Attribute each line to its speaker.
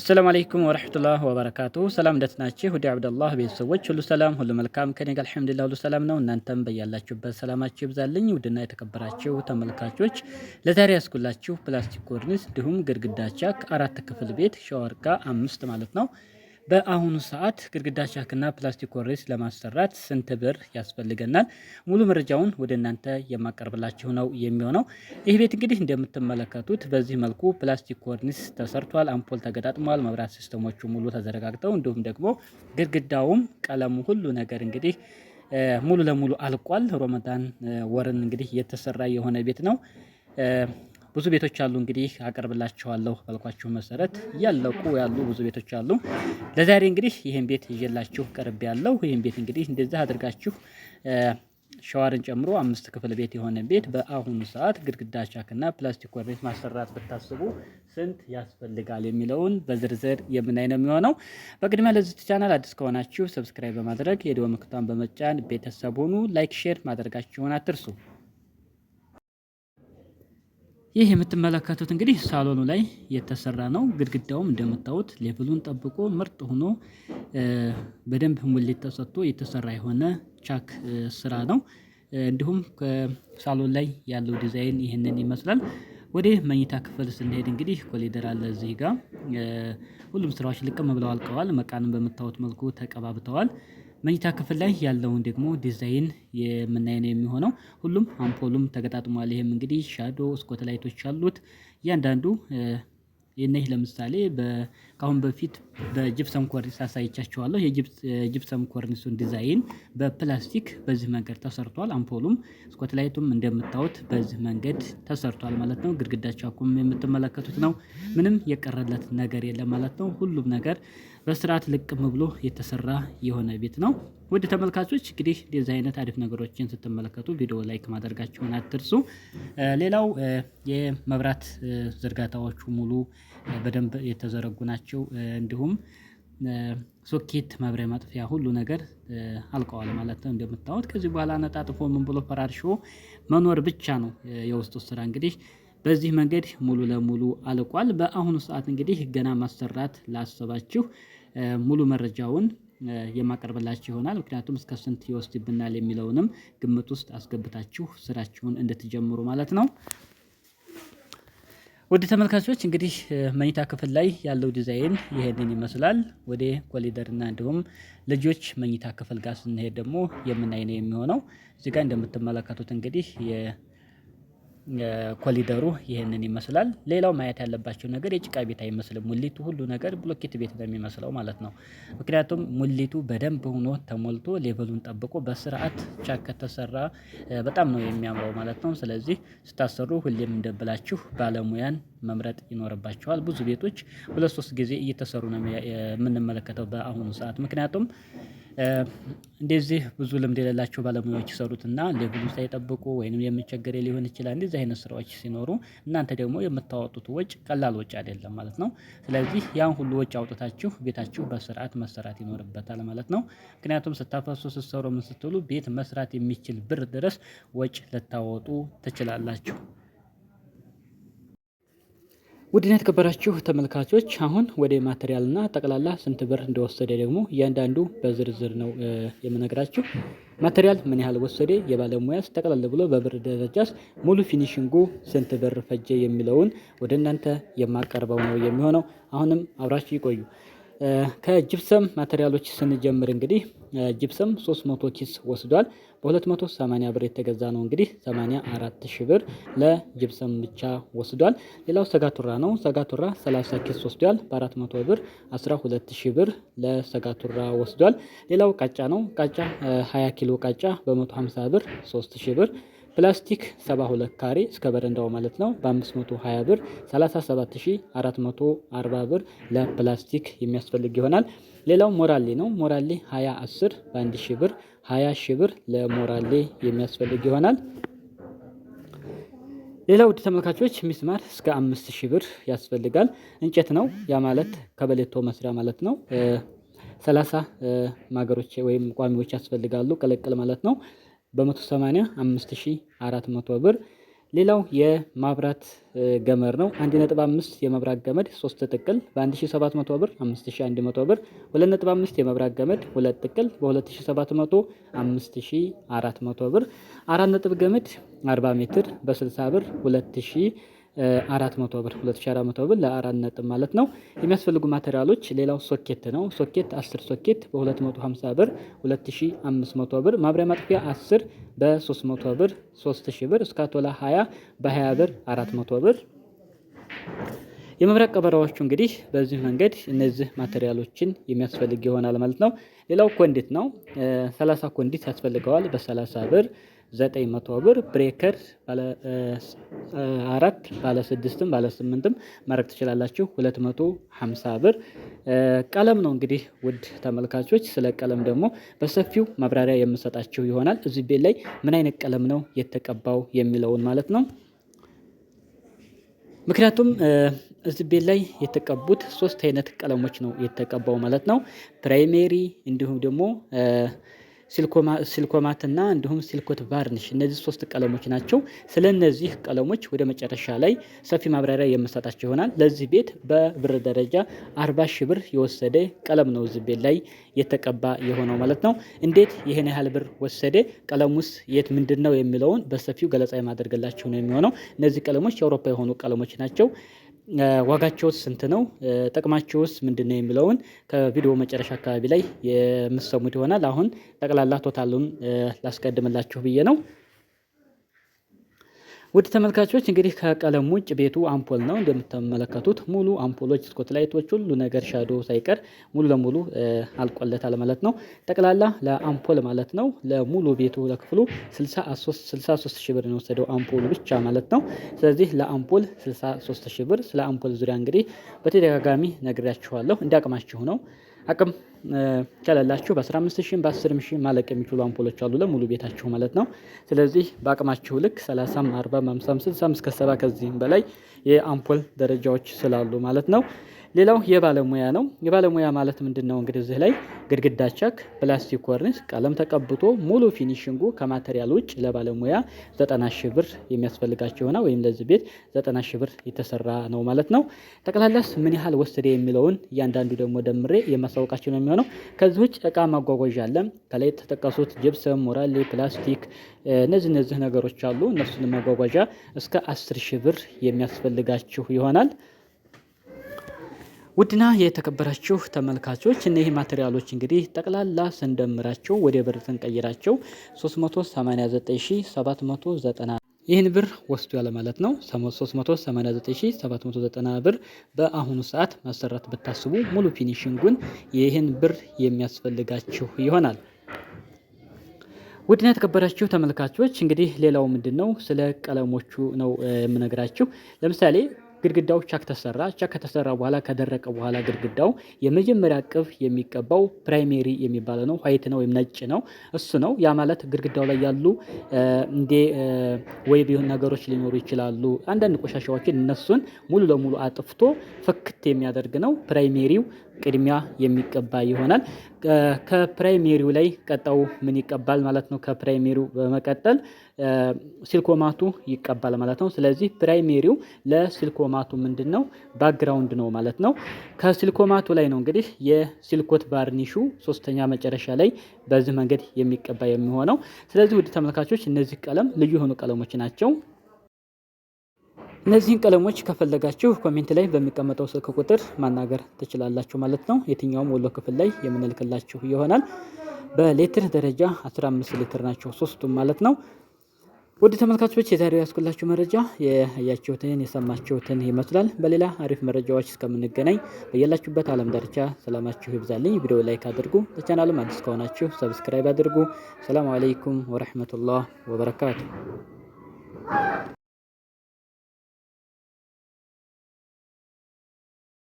Speaker 1: አሰላሙ አለይኩም ወረህመቱላህ ወበረካቱ። ሰላም እንደት ናችሁ? ወዲ አብደላህ ቤተሰቦች ሁሉ ሰላም ሁሉ መልካም ከኔ ጋር አልሐምዱሊላህ ሁሉ ሰላም ነው። እናንተም በያላችሁበት ሰላማችሁ ይብዛልኝ። ውድና የተከበራችሁ ተመልካቾች ለዛሬ ያስኩላችሁ ፕላስቲክ ኮርኒስ እንዲሁም ግድግዳቻ አራት ክፍል ቤት ሻወር ጋ አምስት ማለት ነው በአሁኑ ሰዓት ግድግዳ ሻክና ፕላስቲክ ኮርኒስ ለማሰራት ስንት ብር ያስፈልገናል? ሙሉ መረጃውን ወደ እናንተ የማቀርብላችሁ ነው የሚሆነው። ይህ ቤት እንግዲህ እንደምትመለከቱት በዚህ መልኩ ፕላስቲክ ኮርኒስ ተሰርቷል። አምፖል ተገጣጥሟል። መብራት ሲስተሞቹ ሙሉ ተዘረጋግተው፣ እንዲሁም ደግሞ ግድግዳውም፣ ቀለሙ፣ ሁሉ ነገር እንግዲህ ሙሉ ለሙሉ አልቋል። ሮመዳን ወርን እንግዲህ የተሰራ የሆነ ቤት ነው። ብዙ ቤቶች አሉ። እንግዲህ አቀርብላችኋለሁ ባልኳችሁ መሰረት እያለቁ ያሉ ብዙ ቤቶች አሉ። ለዛሬ እንግዲህ ይህን ቤት ይዤላችሁ ቀርብ ያለው ይህን ቤት እንግዲህ እንደዛ አድርጋችሁ ሸዋርን ጨምሮ አምስት ክፍል ቤት የሆነ ቤት በአሁኑ ሰዓት ግድግዳ ቻክና ፕላስቲክ ኮርኒስ ማሰራት ብታስቡ ስንት ያስፈልጋል የሚለውን በዝርዝር የምናይ ነው የሚሆነው። በቅድሚያ ለዚህ ቻናል አዲስ ከሆናችሁ ሰብስክራይብ በማድረግ የደወል ምልክቷን በመጫን ቤተሰብ ሁኑ። ላይክ፣ ሼር ማድረጋችሁን አትርሱ። ይህ የምትመለከቱት እንግዲህ ሳሎኑ ላይ የተሰራ ነው። ግድግዳውም እንደምታዩት ሌቭሉን ጠብቆ ምርጥ ሆኖ በደንብ ሙሌት ተሰጥቶ የተሰራ የሆነ ቻክ ስራ ነው። እንዲሁም ሳሎን ላይ ያለው ዲዛይን ይህንን ይመስላል። ወደ መኝታ ክፍል ስንሄድ እንግዲህ ኮሊደር አለ እዚህ ጋር ሁሉም ስራዎች ልቅም ብለው አልቀዋል። መቃንም በምታዩት መልኩ ተቀባብተዋል። መኝታ ክፍል ላይ ያለውን ደግሞ ዲዛይን የምናይ ነው የሚሆነው። ሁሉም አምፖሉም ተገጣጥሟል። ይህም እንግዲህ ሻዶ ስኮት ላይቶች አሉት እያንዳንዱ ይህ ለምሳሌ ከአሁን በፊት በጅፕሰም ኮርኒስ አሳይቻቸዋለሁ የጅፕሰም ኮርኒሱን ዲዛይን በፕላስቲክ በዚህ መንገድ ተሰርቷል። አምፖሉም ላይቱም እንደምታዩት በዚህ መንገድ ተሰርቷል ማለት ነው። ግድግዳቸው አኩም የምትመለከቱት ነው። ምንም የቀረለት ነገር የለም ማለት ነው። ሁሉም ነገር በስርዓት ልቅም ብሎ የተሰራ የሆነ ቤት ነው። ውድ ተመልካቾች እንግዲህ እንደዚህ አይነት አሪፍ ነገሮችን ስትመለከቱ ቪዲዮ ላይክ ማድረጋችሁን አትርሱ። ሌላው የመብራት ዝርጋታዎቹ ሙሉ በደንብ የተዘረጉ ናቸው። እንዲሁም ሶኬት፣ መብሪያ፣ ማጥፊያ ሁሉ ነገር አልቀዋል ማለት ነው። እንደምታዩት ከዚህ በኋላ ነጣጥፎ ምን ብሎ ፈራርሾ መኖር ብቻ ነው የውስጡ ስራ እንግዲህ በዚህ መንገድ ሙሉ ለሙሉ አልቋል። በአሁኑ ሰዓት እንግዲህ ገና ማሰራት ላሰባችሁ ሙሉ መረጃውን የማቀርብላችሁ ይሆናል። ምክንያቱም እስከ ስንት ይወስድብናል የሚለውንም ግምት ውስጥ አስገብታችሁ ስራችሁን እንድትጀምሩ ማለት ነው። ውድ ተመልካቾች እንግዲህ መኝታ ክፍል ላይ ያለው ዲዛይን ይሄንን ይመስላል። ወደ ኮሊደርና እንዲሁም ልጆች መኝታ ክፍል ጋር ስንሄድ ደግሞ የምናይ ነው የሚሆነው። እዚጋ እንደምትመለከቱት እንግዲህ ኮሊደሩ ይህንን ይመስላል። ሌላው ማየት ያለባቸው ነገር የጭቃ ቤት አይመስልም። ሙሊቱ ሁሉ ነገር ብሎኬት ቤት ነው የሚመስለው ማለት ነው። ምክንያቱም ሙሊቱ በደንብ ሆኖ ተሞልቶ ሌቨሉን ጠብቆ በስርዓት ቻክ ከተሰራ በጣም ነው የሚያምረው ማለት ነው። ስለዚህ ስታሰሩ ሁሌም እንደብላችሁ ባለሙያን መምረጥ ይኖርባቸዋል። ብዙ ቤቶች ሁለት ሶስት ጊዜ እየተሰሩ ነው የምንመለከተው በአሁኑ ሰዓት ምክንያቱም እንደዚህ ብዙ ልምድ የሌላቸው ባለሙያዎች ይሰሩትና ሌቭሉ ሳይጠብቁ ወይም የምቸገር ሊሆን ይችላል። እንደዚህ አይነት ስራዎች ሲኖሩ እናንተ ደግሞ የምታወጡት ወጭ ቀላል ወጭ አይደለም ማለት ነው። ስለዚህ ያን ሁሉ ወጭ አውጥታችሁ ቤታችሁ በስርዓት መሰራት ይኖርበታል ማለት ነው። ምክንያቱም ስታፈሱ ስትሰሩ ምን ስትሉ ቤት መስራት የሚችል ብር ድረስ ወጭ ልታወጡ ትችላላችሁ ውድና የተከበራችሁ ተመልካቾች አሁን ወደ ማቴሪያልና ጠቅላላ ስንት ብር እንደወሰደ ደግሞ እያንዳንዱ በዝርዝር ነው የምነግራችሁ። ማቴሪያል ምን ያህል ወሰደ፣ የባለሙያስ ጠቅላል ብሎ በብር ደረጃስ፣ ሙሉ ፊኒሽንጉ ስንት ብር ፈጀ የሚለውን ወደ እናንተ የማቀርበው ነው የሚሆነው። አሁንም አብራችሁ ይቆዩ። ከጅብሰም ማቴሪያሎች ስንጀምር እንግዲህ ጅብሰም 300 ኪስ ወስዷል። በ280 ብር የተገዛ ነው። እንግዲህ 84 ብር ለጅብሰም ብቻ ወስዷል። ሌላው ሰጋቱራ ነው። ሰጋቱራ 30 ኪስ ወስዷል። በ400 ብር 12 ብር ለሰጋቱራ ወስዷል። ሌላው ቃጫ ነው። ቃጫ 20 ኪሎ ቃጫ በ150 ብር 3 ብር ፕላስቲክ 72 ካሬ እስከ በረንዳው ማለት ነው በ520 ብር 37440 ብር ለፕላስቲክ የሚያስፈልግ ይሆናል። ሌላው ሞራሌ ነው። ሞራሌ 210 በ 1000 ሺ ብር 20 ሺ ብር ለሞራሌ የሚያስፈልግ ይሆናል። ሌላው ውድ ተመልካቾች ሚስማር እስከ አምስት ሺህ ብር ያስፈልጋል። እንጨት ነው ያ ማለት ከበሌቶ መስሪያ ማለት ነው። ሰላሳ ማገሮች ወይም ቋሚዎች ያስፈልጋሉ ቅልቅል ማለት ነው። በ185400 ብር። ሌላው የማብራት ገመድ ነው። 1.5 የመብራት ገመድ 3 ጥቅል በ1700 ብር 5100 ብር። 2.5 የመብራት ገመድ 2 ጥቅል በ2700 5400 ብር። 4 ነጥብ ገመድ 40 ሜትር በ60 ብር 2000 አራት ብር ሁለት ብር ለአራት ነጥብ ማለት ነው። የሚያስፈልጉ ማቴሪያሎች ሌላው ሶኬት ነው። ሶኬት 10 ሶኬት በ 250 ብር 2500 ብር ማብሪያ ማጥፊያ አስር በ300 ብር ሶስት ብር እስካቶላ በ20 ብር አራት መቶ ብር የመብራት ቀበራዎቹ እንግዲህ በዚህ መንገድ እነዚህ ማቴሪያሎችን የሚያስፈልግ ይሆናል ማለት ነው። ሌላው ኮንዲት ነው። 30 ኮንዲት ያስፈልገዋል በ30 ብር ዘጠኝ መቶ ብር ብሬከር ባለ አራት ባለ ስድስትም ባለ ስምንትም ማድረግ ትችላላችሁ። ሁለት መቶ ሀምሳ ብር ቀለም ነው እንግዲህ ውድ ተመልካቾች፣ ስለ ቀለም ደግሞ በሰፊው ማብራሪያ የምሰጣችሁ ይሆናል። እዚህ ቤት ላይ ምን አይነት ቀለም ነው የተቀባው የሚለውን ማለት ነው። ምክንያቱም እዚህ ቤት ላይ የተቀቡት ሶስት አይነት ቀለሞች ነው የተቀባው ማለት ነው። ፕራይሜሪ እንዲሁም ደግሞ ሲልኮማትና እንዲሁም ሲልኮት ቫርኒሽ እነዚህ ሶስት ቀለሞች ናቸው። ስለ እነዚህ ቀለሞች ወደ መጨረሻ ላይ ሰፊ ማብራሪያ የምሰጣቸው ይሆናል። ለዚህ ቤት በብር ደረጃ አርባ ሺ ብር የወሰደ ቀለም ነው እዚህ ቤት ላይ የተቀባ የሆነው ማለት ነው። እንዴት ይህን ያህል ብር ወሰደ? ቀለም ውስጥ የት ምንድን ነው የሚለውን በሰፊው ገለጻ የማደርግላቸው ነው የሚሆነው። እነዚህ ቀለሞች የአውሮፓ የሆኑ ቀለሞች ናቸው። ዋጋቸውስ ስንት ነው? ጥቅማቸውስ ምንድን ነው? የሚለውን ከቪዲዮ መጨረሻ አካባቢ ላይ የምትሰሙት ይሆናል። አሁን ጠቅላላ ቶታሉን ላስቀድምላችሁ ብዬ ነው። ውድ ተመልካቾች እንግዲህ ከቀለም ውጭ ቤቱ አምፖል ነው እንደምትመለከቱት ሙሉ አምፖሎች፣ ስኮት ላይቶች፣ ሁሉ ነገር ሻዶ ሳይቀር ሙሉ ለሙሉ አልቆለታል ማለት ነው። ጠቅላላ ለአምፖል ማለት ነው ለሙሉ ቤቱ ለክፍሉ 63 ሺ ብር ነው የወሰደው አምፖል ብቻ ማለት ነው። ስለዚህ ለአምፖል 63 ሺ ብር። ስለ አምፖል ዙሪያ እንግዲህ በተደጋጋሚ ነግሬያችኋለሁ። እንደ አቅማችሁ ነው አቅም ከሌላችሁ በ15 ሺህ በ10 ሺህ ማለቅ የሚችሉ አምፖሎች አሉ ለሙሉ ቤታችሁ ማለት ነው። ስለዚህ በአቅማችሁ ልክ 30፣ 40፣ 50፣ 60 እስከ 70 ከዚህም በላይ የአምፖል ደረጃዎች ስላሉ ማለት ነው ሌላው የባለሙያ ነው። የባለሙያ ማለት ምንድን ነው? እንግዲህ እዚህ ላይ ግድግዳ ቸክ፣ ፕላስቲክ ኮርኒስ፣ ቀለም ተቀብቶ ሙሉ ፊኒሽንጉ ከማቴሪያል ውጭ ለባለሙያ ዘጠና ሺህ ብር የሚያስፈልጋቸው ሆና ወይም ለዚህ ቤት ዘጠና ሺህ ብር የተሰራ ነው ማለት ነው። ጠቅላላስ ምን ያህል ወሰደ የሚለውን እያንዳንዱ ደግሞ ደምሬ የማስታወቃቸው ነው የሚሆነው። ከዚህ ውጭ እቃ ማጓጓዣ አለ። ከላይ የተጠቀሱት ጅብሰም፣ ሞራሌ፣ ፕላስቲክ እነዚህ እነዚህ ነገሮች አሉ። እነሱን ማጓጓዣ እስከ አስር ሺህ ብር የሚያስፈልጋችሁ ይሆናል። ውድና የተከበራችሁ ተመልካቾች እነዚህ ማቴሪያሎች እንግዲህ ጠቅላላ ስንደምራቸው ወደ ብር ስንቀይራቸው 389790 ይህን ብር ወስዱ ያለ ማለት ነው። 389790 ብር በአሁኑ ሰዓት ማሰራት ብታስቡ ሙሉ ፊኒሽንጉን ይህን ብር የሚያስፈልጋችሁ ይሆናል። ውድና የተከበራችሁ ተመልካቾች እንግዲህ ሌላው ምንድን ነው ስለ ቀለሞቹ ነው የምነግራችሁ። ለምሳሌ ግድግዳው ቻክ ተሰራ። ቻክ ከተሰራ በኋላ ከደረቀ በኋላ ግድግዳው የመጀመሪያ ቅብ የሚቀባው ፕራይሜሪ የሚባለው ነው። ዋይት ነው ወይም ነጭ ነው፣ እሱ ነው። ያ ማለት ግድግዳው ላይ ያሉ እንደ ወይ ቢሆን ነገሮች ሊኖሩ ይችላሉ፣ አንዳንድ ቆሻሻዎችን እነሱን ሙሉ ለሙሉ አጥፍቶ ፍክት የሚያደርግ ነው ፕራይሜሪው ቅድሚያ የሚቀባ ይሆናል። ከፕራይሜሪው ላይ ቀጣው ምን ይቀባል ማለት ነው? ከፕራይሜሪው በመቀጠል ሲልኮማቱ ይቀባል ማለት ነው። ስለዚህ ፕራይሜሪው ለሲልኮማቱ ምንድን ነው? ባክግራውንድ ነው ማለት ነው። ከሲልኮማቱ ላይ ነው እንግዲህ የሲልኮት ባርኒሹ ሶስተኛ መጨረሻ ላይ በዚህ መንገድ የሚቀባ የሚሆነው። ስለዚህ ውድ ተመልካቾች እነዚህ ቀለም ልዩ የሆኑ ቀለሞች ናቸው። እነዚህን ቀለሞች ከፈለጋችሁ ኮሜንት ላይ በሚቀመጠው ስልክ ቁጥር ማናገር ትችላላችሁ ማለት ነው። የትኛውም ወሎ ክፍል ላይ የምንልክላችሁ ይሆናል። በሌትር ደረጃ 15 ሌትር ናቸው ሶስቱም ማለት ነው። ውድ ተመልካቾች የዛሬው ያስኩላችሁ መረጃ የያቸውትን የሰማችሁትን ይመስላል። በሌላ አሪፍ መረጃዎች እስከምንገናኝ በያላችሁበት ዓለም ዳርቻ ሰላማችሁ ይብዛልኝ። ቪዲዮ ላይክ አድርጉ። ለቻናሉም አዲስ ከሆናችሁ ሰብስክራይብ አድርጉ። ሰላም አለይኩም ወረህመቱላህ ወበረካቱ።